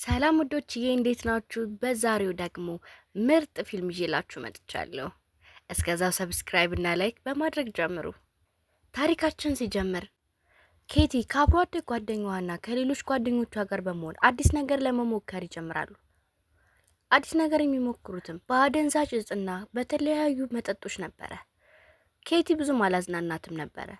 ሰላም ውዶችዬ እንዴት ናችሁ? በዛሬው ደግሞ ምርጥ ፊልም ይዤላችሁ መጥቻለሁ። እስከዛው ሰብስክራይብ እና ላይክ በማድረግ ጀምሩ። ታሪካችን ሲጀምር ኬቲ ከአብሮ አደግ ጓደኛዋና ከሌሎች ጓደኞቿ ጋር በመሆን አዲስ ነገር ለመሞከር ይጀምራሉ። አዲስ ነገር የሚሞክሩትም በአደንዛዥ እጽና በተለያዩ መጠጦች ነበረ። ኬቲ ብዙም አላዝናናትም ነበረ።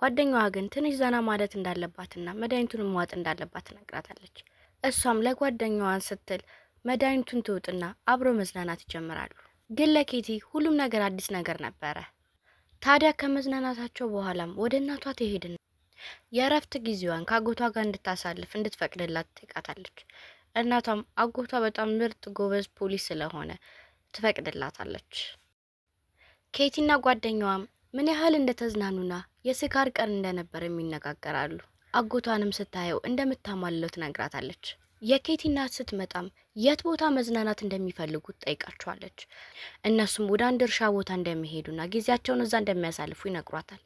ጓደኛዋ ግን ትንሽ ዘና ማለት እንዳለባትና መድኃኒቱን መዋጥ እንዳለባት ነግራታለች። እሷም ለጓደኛዋን ስትል መድኃኒቱን ትውጥና አብሮ መዝናናት ይጀምራሉ። ግን ለኬቲ ሁሉም ነገር አዲስ ነገር ነበረ። ታዲያ ከመዝናናታቸው በኋላም ወደ እናቷ ትሄድና የእረፍት ጊዜዋን ከአጎቷ ጋር እንድታሳልፍ እንድትፈቅድላት ትጠይቃታለች። እናቷም አጎቷ በጣም ምርጥ ጎበዝ ፖሊስ ስለሆነ ትፈቅድላታለች። ኬቲና ጓደኛዋም ምን ያህል እንደተዝናኑና የስካር ቀን እንደነበር ይነጋገራሉ። አጎቷንም ስታየው እንደምታማልለው ትነግራታለች። የኬቲ እናት ስትመጣም የት ቦታ መዝናናት እንደሚፈልጉ ትጠይቃቸዋለች። እነሱም ወደ አንድ እርሻ ቦታ እንደሚሄዱና ጊዜያቸውን እዛ እንደሚያሳልፉ ይነግሯታል።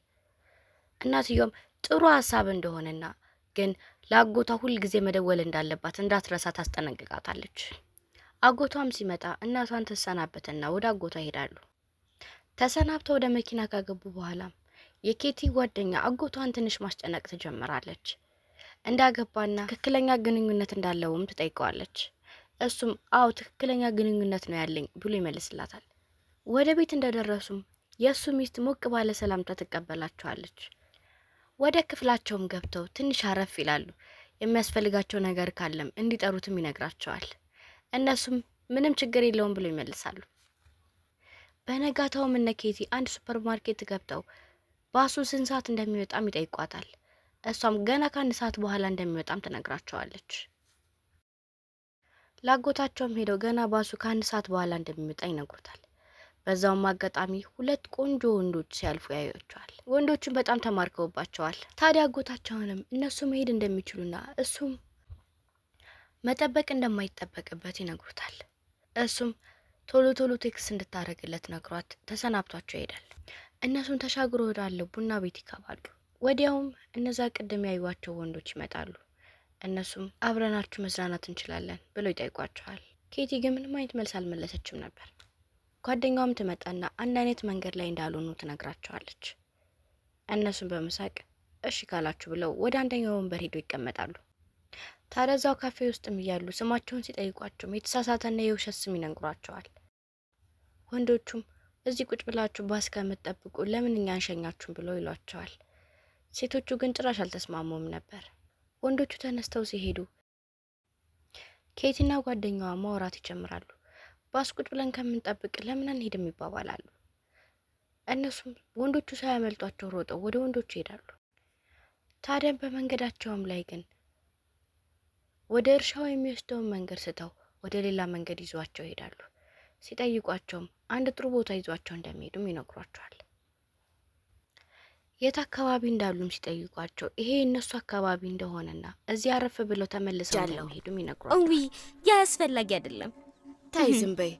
እናትዮም ጥሩ ሀሳብ እንደሆነና ግን ለአጎቷ ሁል ጊዜ መደወል እንዳለባት እንዳትረሳ ታስጠነቅቃታለች። አጎቷም ሲመጣ እናቷን ትሰናበትና ወደ አጎቷ ይሄዳሉ። ተሰናብተው ወደ መኪና ካገቡ በኋላ የኬቲ ጓደኛ አጎቷን ትንሽ ማስጨነቅ ትጀምራለች። እንዳገባና ትክክለኛ ግንኙነት እንዳለውም ትጠይቀዋለች። እሱም አዎ ትክክለኛ ግንኙነት ነው ያለኝ ብሎ ይመልስላታል። ወደ ቤት እንደደረሱም የእሱ ሚስት ሞቅ ባለ ሰላምታ ትቀበላቸዋለች። ወደ ክፍላቸውም ገብተው ትንሽ አረፍ ይላሉ። የሚያስፈልጋቸው ነገር ካለም እንዲጠሩትም ይነግራቸዋል። እነሱም ምንም ችግር የለውም ብሎ ይመልሳሉ። በነጋታውም እነ ኬቲ አንድ ሱፐርማርኬት ገብተው ባሱ ስንት ሰዓት እንደሚወጣም ይጠይቋታል። እሷም ገና ከአንድ ሰዓት በኋላ እንደሚወጣም ትነግራቸዋለች። ላጎታቸውም ሄደው ገና ባሱ ከአንድ ሰዓት በኋላ እንደሚወጣ ይነግሩታል። በዛውም አጋጣሚ ሁለት ቆንጆ ወንዶች ሲያልፉ ያዩቸዋል። ወንዶቹም በጣም ተማርከውባቸዋል። ታዲያ አጎታቸውንም እነሱ መሄድ እንደሚችሉና እሱም መጠበቅ እንደማይጠበቅበት ይነግሩታል። እሱም ቶሎ ቶሎ ቴክስ እንድታደርግለት ነግሯት ተሰናብቷቸው ይሄዳል። እነሱን ተሻግሮ ወዳለው ቡና ቤት ይከባሉ ወዲያውም እነዛ ቅድም ያዩዋቸው ወንዶች ይመጣሉ። እነሱም አብረናችሁ መዝናናት እንችላለን ብለው ይጠይቋቸዋል። ኬቲ ግን ምንም አይነት መልስ አልመለሰችም ነበር። ጓደኛዋም ትመጣና አንድ አይነት መንገድ ላይ እንዳልሆኑ ትነግራቸዋለች። እነሱም በመሳቅ እሺ ካላችሁ ብለው ወደ አንደኛው ወንበር ሄዶ ይቀመጣሉ። ታዲያ እዛው ካፌ ውስጥም እያሉ ስማቸውን ሲጠይቋቸውም የተሳሳተና የውሸት ስም ይነግሯቸዋል። ወንዶቹም እዚህ ቁጭ ብላችሁ ባስ ከምትጠብቁ ለምን እኛ አንሸኛችሁም ብለው ይሏቸዋል። ሴቶቹ ግን ጭራሽ አልተስማሙም ነበር። ወንዶቹ ተነስተው ሲሄዱ ኬቲና ጓደኛዋ ማውራት ይጀምራሉ። ባስ ቁጭ ብለን ከምንጠብቅ ለምን አንሄድም ይባባላሉ። እነሱም ወንዶቹ ሳያመልጧቸው ሮጠው ወደ ወንዶቹ ይሄዳሉ። ታዲያም በመንገዳቸውም ላይ ግን ወደ እርሻው የሚወስደውን መንገድ ስተው ወደ ሌላ መንገድ ይዟቸው ይሄዳሉ። ሲጠይቋቸውም አንድ ጥሩ ቦታ ይዟቸው እንደሚሄዱም ይነግሯቸዋል። የት አካባቢ እንዳሉም ሲጠይቋቸው ይሄ እነሱ አካባቢ እንደሆነና እዚህ አረፍ ብለው ተመልሰው እንደሚሄዱም ይነግሯቸዋል። እዊ ያስፈላጊ አይደለም። ታይ ዝም በይ።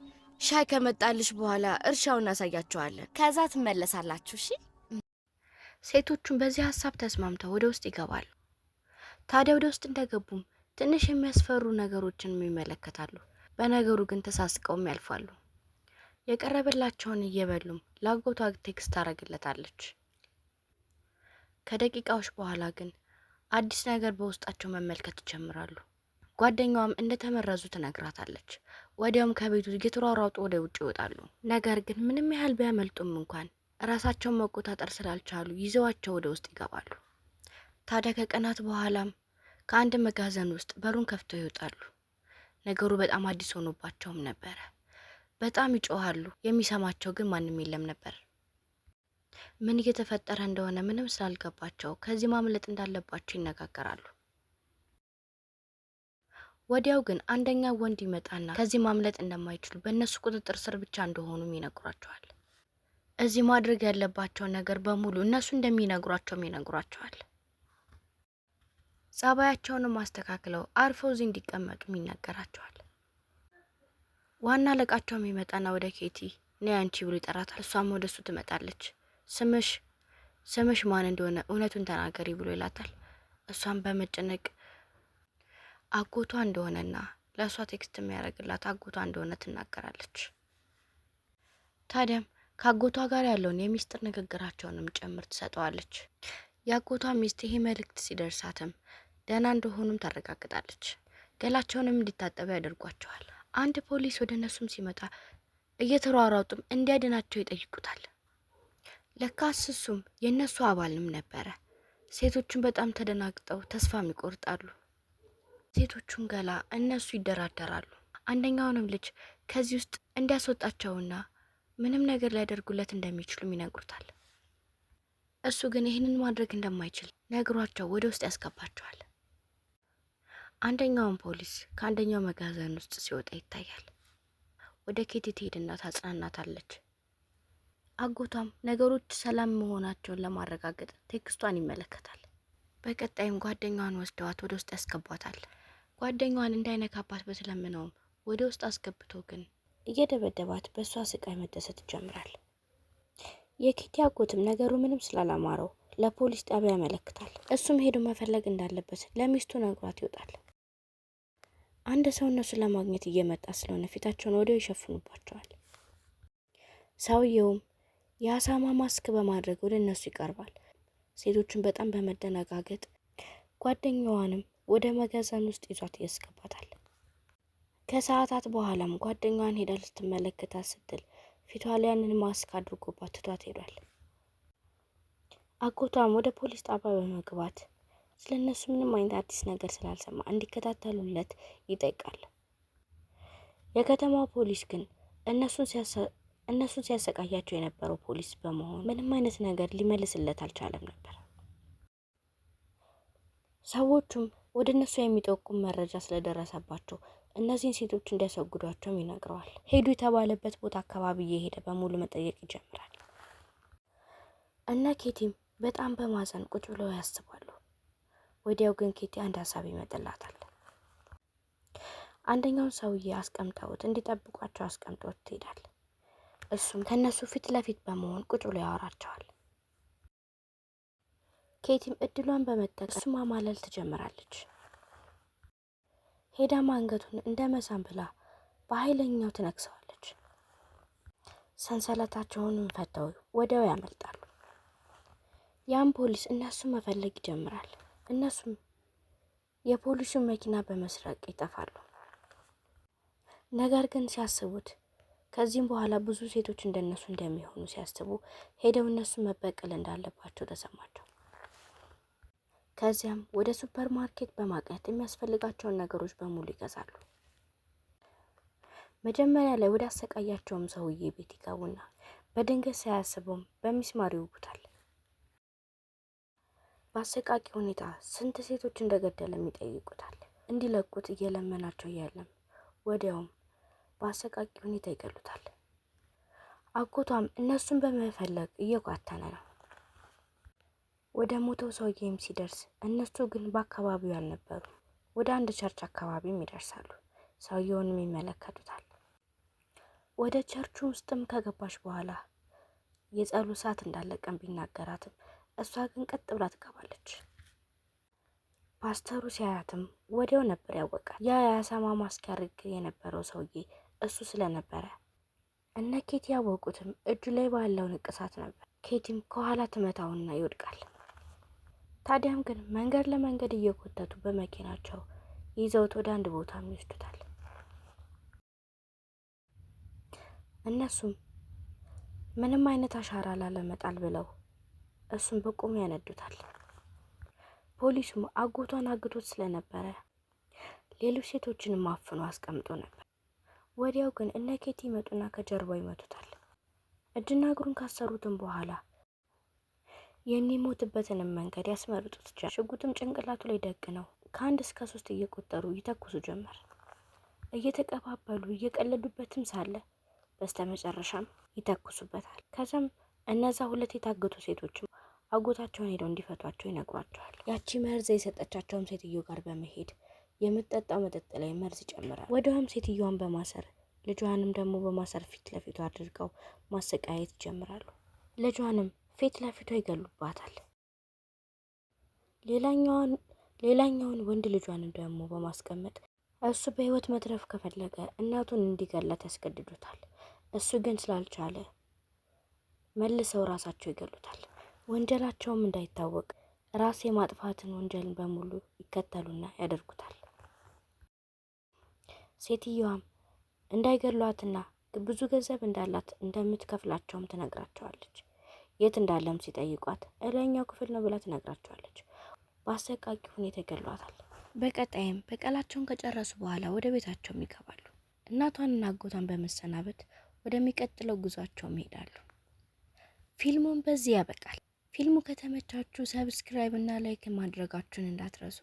ሻይ ከመጣልሽ በኋላ እርሻውን እናሳያቸዋለን። ከዛ ትመለሳላችሁ። እሺ። ሴቶቹም በዚህ ሀሳብ ተስማምተው ወደ ውስጥ ይገባሉ። ታዲያ ወደ ውስጥ እንደገቡም ትንሽ የሚያስፈሩ ነገሮችን ይመለከታሉ። በነገሩ ግን ተሳስቀውም ያልፋሉ። የቀረበላቸውን እየበሉም ላጎቷ ቴክስት ታደርግለታለች። ከደቂቃዎች በኋላ ግን አዲስ ነገር በውስጣቸው መመልከት ይጀምራሉ። ጓደኛዋም እንደተመረዙ ትነግራታለች። ወዲያውም ከቤቱ እየተሯሯጡ ወደ ውጭ ይወጣሉ። ነገር ግን ምንም ያህል ቢያመልጡም እንኳን ራሳቸውን መቆጣጠር ስላልቻሉ ይዘዋቸው ወደ ውስጥ ይገባሉ። ታዲያ ከቀናት በኋላም ከአንድ መጋዘን ውስጥ በሩን ከፍተው ይወጣሉ። ነገሩ በጣም አዲስ ሆኖባቸውም ነበረ። በጣም ይጮሃሉ፣ የሚሰማቸው ግን ማንም የለም ነበር። ምን እየተፈጠረ እንደሆነ ምንም ስላልገባቸው ከዚህ ማምለጥ እንዳለባቸው ይነጋገራሉ። ወዲያው ግን አንደኛ ወንድ ይመጣና ከዚህ ማምለጥ እንደማይችሉ በእነሱ ቁጥጥር ስር ብቻ እንደሆኑም ይነግሯቸዋል። እዚህ ማድረግ ያለባቸው ነገር በሙሉ እነሱ እንደሚነግሯቸውም ይነግሯቸዋል። ጸባያቸውንም አስተካክለው አርፈው እዚህ እንዲቀመጡ ይነገራቸዋል። ዋና አለቃቸውም ይመጣና ወደ ኬቲ ነይ አንቺ ብሎ ይጠራታል። እሷም ወደ እሱ ትመጣለች። ስምሽ ስምሽ ማን እንደሆነ እውነቱን ተናገሪ ብሎ ይላታል። እሷም በመጨነቅ አጎቷ እንደሆነና ለእሷ ቴክስት የሚያደርግላት አጎቷ እንደሆነ ትናገራለች። ታዲያም ከአጎቷ ጋር ያለውን የሚስጥር ንግግራቸውንም ጭምር ትሰጠዋለች። የአጎቷ ሚስት ይሄ መልእክት ሲደርሳትም ደህና እንደሆኑም ታረጋግጣለች። ገላቸውንም እንዲታጠበ ያደርጓቸዋል። አንድ ፖሊስ ወደ እነሱም ሲመጣ እየተሯሯጡም እንዲያድናቸው ይጠይቁታል። ለካስ እሱም የእነሱ አባልም ነበረ። ሴቶቹም በጣም ተደናግጠው ተስፋም ይቆርጣሉ። ሴቶቹም ገላ እነሱ ይደራደራሉ። አንደኛውንም ልጅ ከዚህ ውስጥ እንዲያስወጣቸውና ምንም ነገር ሊያደርጉለት እንደሚችሉም ይነግሩታል። እሱ ግን ይህንን ማድረግ እንደማይችል ነግሯቸው ወደ ውስጥ ያስገባቸዋል። አንደኛውን ፖሊስ ከአንደኛው መጋዘን ውስጥ ሲወጣ ይታያል። ወደ ኬቲ ትሄድና ታጽናናታለች። አጎቷም ነገሮች ሰላም መሆናቸውን ለማረጋገጥ ቴክስቷን ይመለከታል። በቀጣይም ጓደኛዋን ወስደዋት ወደ ውስጥ ያስገቧታል። ጓደኛዋን እንዳይነካባት በተለምነውም ወደ ውስጥ አስገብቶ ግን እየደበደባት በእሷ ስቃይ መደሰት ይጀምራል። የኬቲ አጎትም ነገሩ ምንም ስላላማረው ለፖሊስ ጣቢያ ያመለክታል። እሱም ሄዶ መፈለግ እንዳለበት ለሚስቱ ነግሯት ይወጣል። አንድ ሰው እነሱን ለማግኘት እየመጣ ስለሆነ ፊታቸውን ወዲያው ይሸፍኑባቸዋል። ሰውየውም የአሳማ ማስክ በማድረግ ወደ እነሱ ይቀርባል። ሴቶቹን በጣም በመደነጋገጥ ጓደኛዋንም ወደ መጋዘን ውስጥ ይዟት ያስገባታል። ከሰዓታት በኋላም ጓደኛዋን ሄዳ ልትመለከታት ስትል ፊቷ ላይ ያንን ማስክ አድርጎባት ትቷት ሄዷል። አጎቷም ወደ ፖሊስ ጣቢያ በመግባት ስለ እነሱ ምንም አይነት አዲስ ነገር ስላልሰማ እንዲከታተሉለት ይጠይቃል። የከተማው ፖሊስ ግን እነሱን ሲያሰቃያቸው የነበረው ፖሊስ በመሆን ምንም አይነት ነገር ሊመልስለት አልቻለም ነበር። ሰዎቹም ወደ እነሱ የሚጠቁም መረጃ ስለደረሰባቸው እነዚህን ሴቶች እንዲያስወግዷቸውም ይነግረዋል። ሄዱ የተባለበት ቦታ አካባቢ እየሄደ በሙሉ መጠየቅ ይጀምራል። እነ ኬቲም በጣም በማዘን ቁጭ ብለው ያስባሉ። ወዲያው ግን ኬቲ አንድ ሀሳብ ይመጥላታል። አንደኛውን ሰውዬ አስቀምጠውት እንዲጠብቋቸው አስቀምጦት ትሄዳል። እሱም ከእነሱ ፊት ለፊት በመሆን ቁጭ ብሎ ያወራቸዋል። ኬቲም እድሏን በመጠቀም እሱ ማማለል ትጀምራለች። ሄዳ አንገቱን እንደ መሳም ብላ በኃይለኛው ትነክሰዋለች። ሰንሰለታቸውን ፈተው ወዲያው ያመልጣሉ። ያም ፖሊስ እነሱ መፈለግ ይጀምራል። እነሱም የፖሊሱን መኪና በመስረቅ ይጠፋሉ። ነገር ግን ሲያስቡት ከዚህም በኋላ ብዙ ሴቶች እንደነሱ እንደሚሆኑ ሲያስቡ ሄደው እነሱን መበቀል እንዳለባቸው ተሰማቸው። ከዚያም ወደ ሱፐር ማርኬት በማቅናት የሚያስፈልጋቸውን ነገሮች በሙሉ ይገዛሉ። መጀመሪያ ላይ ወደ አሰቃያቸውም ሰውዬ ቤት ይገቡና በድንገት ሳያስበውም በሚስማር ይውጉታል። በአሰቃቂ ሁኔታ ስንት ሴቶች እንደገደለም ይጠይቁታል። እንዲለቁት እየለመናቸው እያለም ወዲያውም በአሰቃቂ ሁኔታ ይገሉታል። አጎቷም እነሱን በመፈለግ እየኳተነ ነው። ወደ ሞተው ሰውዬም ሲደርስ እነሱ ግን በአካባቢው አልነበሩም። ወደ አንድ ቸርች አካባቢም ይደርሳሉ። ሰውየውንም ይመለከቱታል። ወደ ቸርቹ ውስጥም ከገባች በኋላ የጸሎት ሰዓት እንዳለቀም ቢናገራትም እሷ ግን ቀጥ ብላ ትገባለች። ፓስተሩ ሲያያትም ወዲያው ነበር ያወቃል። ያ የአሳማ ማስኪያርግ የነበረው ሰውዬ እሱ ስለነበረ እነ ኬቲ ያወቁትም እጁ ላይ ባለው ንቅሳት ነበር። ኬቲም ከኋላ ትመታውና ይወድቃል። ታዲያም ግን መንገድ ለመንገድ እየኮተቱ በመኪናቸው ይዘውት ወደ አንድ ቦታ ይወስዱታል። እነሱም ምንም አይነት አሻራ ላለመጣል ብለው እሱን በቆም ያነዱታል። ፖሊሱም አጎቷን አግቶት ስለነበረ ሌሎች ሴቶችንም አፍኖ አስቀምጦ ነበር። ወዲያው ግን እነ ኬቲ ይመጡና ከጀርባው ይመቱታል። እጅና እግሩን ካሰሩትም በኋላ የሚሞትበትንም መንገድ ያስመርጡት ጀመር። ሽጉጥም ጭንቅላቱ ላይ ደግ ነው። ከአንድ እስከ ሶስት እየቆጠሩ ይተኩሱ ጀመር። እየተቀባበሉ እየቀለዱበትም ሳለ መጨረሻም ይተኩሱበታል። ከዚም እነዛ ሁለት የታገቱ ሴቶችም አጎታቸውን ሄደው እንዲፈቷቸው ይነግሯቸዋል። ያቺ መርዝ የሰጠቻቸውም ሴትዮ ጋር በመሄድ የምጠጣው መጠጥ ላይ መርዝ ይጨምራል። ወዲያውም ሴትዮዋን በማሰር ልጇንም ደግሞ በማሰር ፊት ለፊቱ አድርገው ማሰቃየት ይጀምራሉ። ልጇንም ፊት ለፊቷ ይገሉባታል። ሌላኛውን ወንድ ልጇንም ደግሞ በማስቀመጥ እሱ በህይወት መትረፍ ከፈለገ እናቱን እንዲገላት ያስገድዱታል። እሱ ግን ስላልቻለ መልሰው ራሳቸው ይገሉታል። ወንጀላቸውም እንዳይታወቅ ራስ የማጥፋትን ወንጀልን በሙሉ ይከተሉና ያደርጉታል። ሴትየዋም እንዳይገሏትና ብዙ ገንዘብ እንዳላት እንደምትከፍላቸውም ትነግራቸዋለች። የት እንዳለም ሲጠይቋት እላይኛው ክፍል ነው ብላ ትነግራቸዋለች። በአሰቃቂ ሁኔታ ይገሏታል። በቀጣይም በቀላቸውን ከጨረሱ በኋላ ወደ ቤታቸውም ይገባሉ። እናቷንና አጎቷን በመሰናበት ወደሚቀጥለው ጉዟቸውም ይሄዳሉ። ፊልሙን በዚህ ያበቃል። ፊልሙ ከተመቻችሁ ሰብስክራይብ እና ላይክ ማድረጋችሁን እንዳትረሱ።